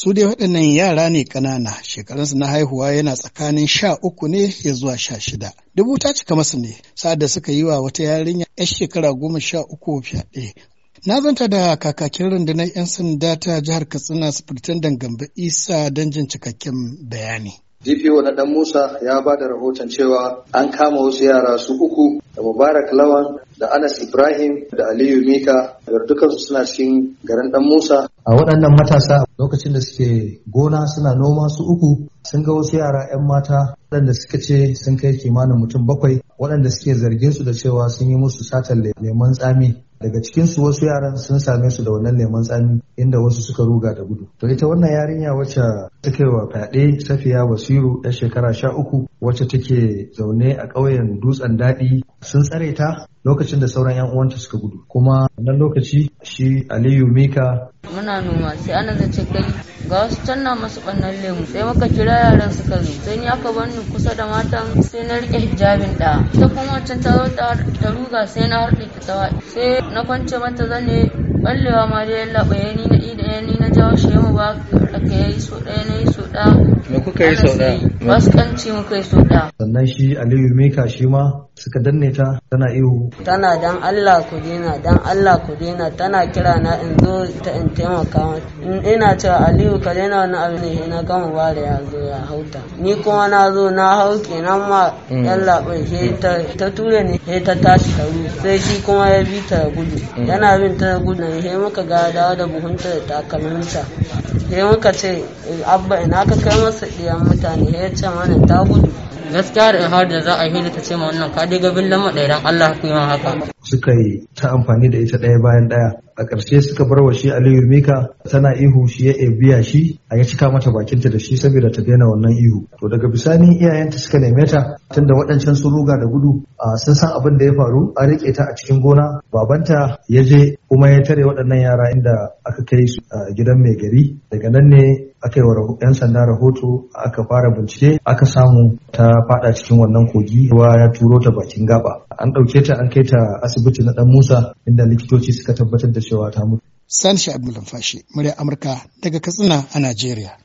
Su dai waɗannan yara ne ƙanana, shekarunsu na haihuwa yana tsakanin sha uku ne ya zuwa sha shida. Dubu ta cika masu ne, sa'ad da suka yi wa wata yarinya ya shekara goma sha uku fyaɗe. Na zanta da kakakin rundunar 'yan sanda ta jihar Katsina su Sufurtandan dangamba Isa don jin cikakken bayani. DPO na Dan Musa ya ba da rahoton cewa an kama wasu yara su uku da Mubarak Lawan da Anas Ibrahim da Aliyu Mika da dukansu suna cikin garin Dan Musa. A waɗannan matasa lokacin da suke gona suna noma su uku sun ga wasu yara 'yan mata waɗanda suka ce sun kai kimanin mutum bakwai waɗanda suke zargin su da cewa sun yi musu satar lemon tsami daga cikin su wasu yaran sun same su da wannan neman tsami inda wasu suka ruga da gudu to ita wannan yarinya wacce ta wa fyaɗe safiya basiru yar shekara sha uku wacce take zaune a ƙauyen dutsen daɗi sun tsare ta lokacin da sauran yan uwanta suka gudu kuma wannan lokaci shi aliyu mika muna noma sai ana ce kai ga wasu can na masu ɓannan lemu sai muka kira yaran suka zo sai ni aka banni kusa da matan sai na rike hijabin da ta kuma can ta zo ta ruga sai na harɗe ta tawa sai na kwance mata zane ballewa ma dai laɓa ya ni na ida ya ni na jawo shi mu ba ka yayi so ɗaya na yi so ɗaya. Me kuka yi so ɗaya? Waskanci muka yi so ɗaya. Sannan shi Aliyu Mika shi ma suka danne ta tana ihu tana dan Allah ku dena dan Allah ku dena tana kira na in zo ta in taimaka in ina cewa Aliyu ka dena wani abu ne na gama bare ya zo ya hauta ni kuma na zo na hau kenan ma yan mm. labai he ta ture ne he ta tashi ta sai shi kuma ya bi ta gudu mm. yana bin ta gudu he muka ga dawo da buhunta da takalminta he muka ce eh, abba ina ka kai masa diyan mutane he ya ce mana ta gudu gaskiya da har da za a yi ta ce ma wannan ka dai gabin lamar idan Allah ku yi haka suka yi ta amfani da ita ɗaya bayan ɗaya a ƙarshe suka bar wa shi aliyu mika tana ihu shi ya biya shi a ya cika mata bakinta da shi saboda ta daina wannan ihu to daga bisani iyayenta suka neme ta tunda waɗancan sun ruga da gudu sun san abin da ya faru a riƙe ta a cikin gona babanta ya je kuma ya tare waɗannan yara inda aka kai su a gidan mai gari daga nan ne aka yi wa 'yan sanda rahoto aka fara bincike aka samu ta fada cikin wannan kogi ruwa ya turo ta bakin gaba an ɗauke ta an kai ta asibiti na dan musa inda likitoci suka tabbatar da cewa ta mutu sanshi fashe murya amurka daga katsina a najeriya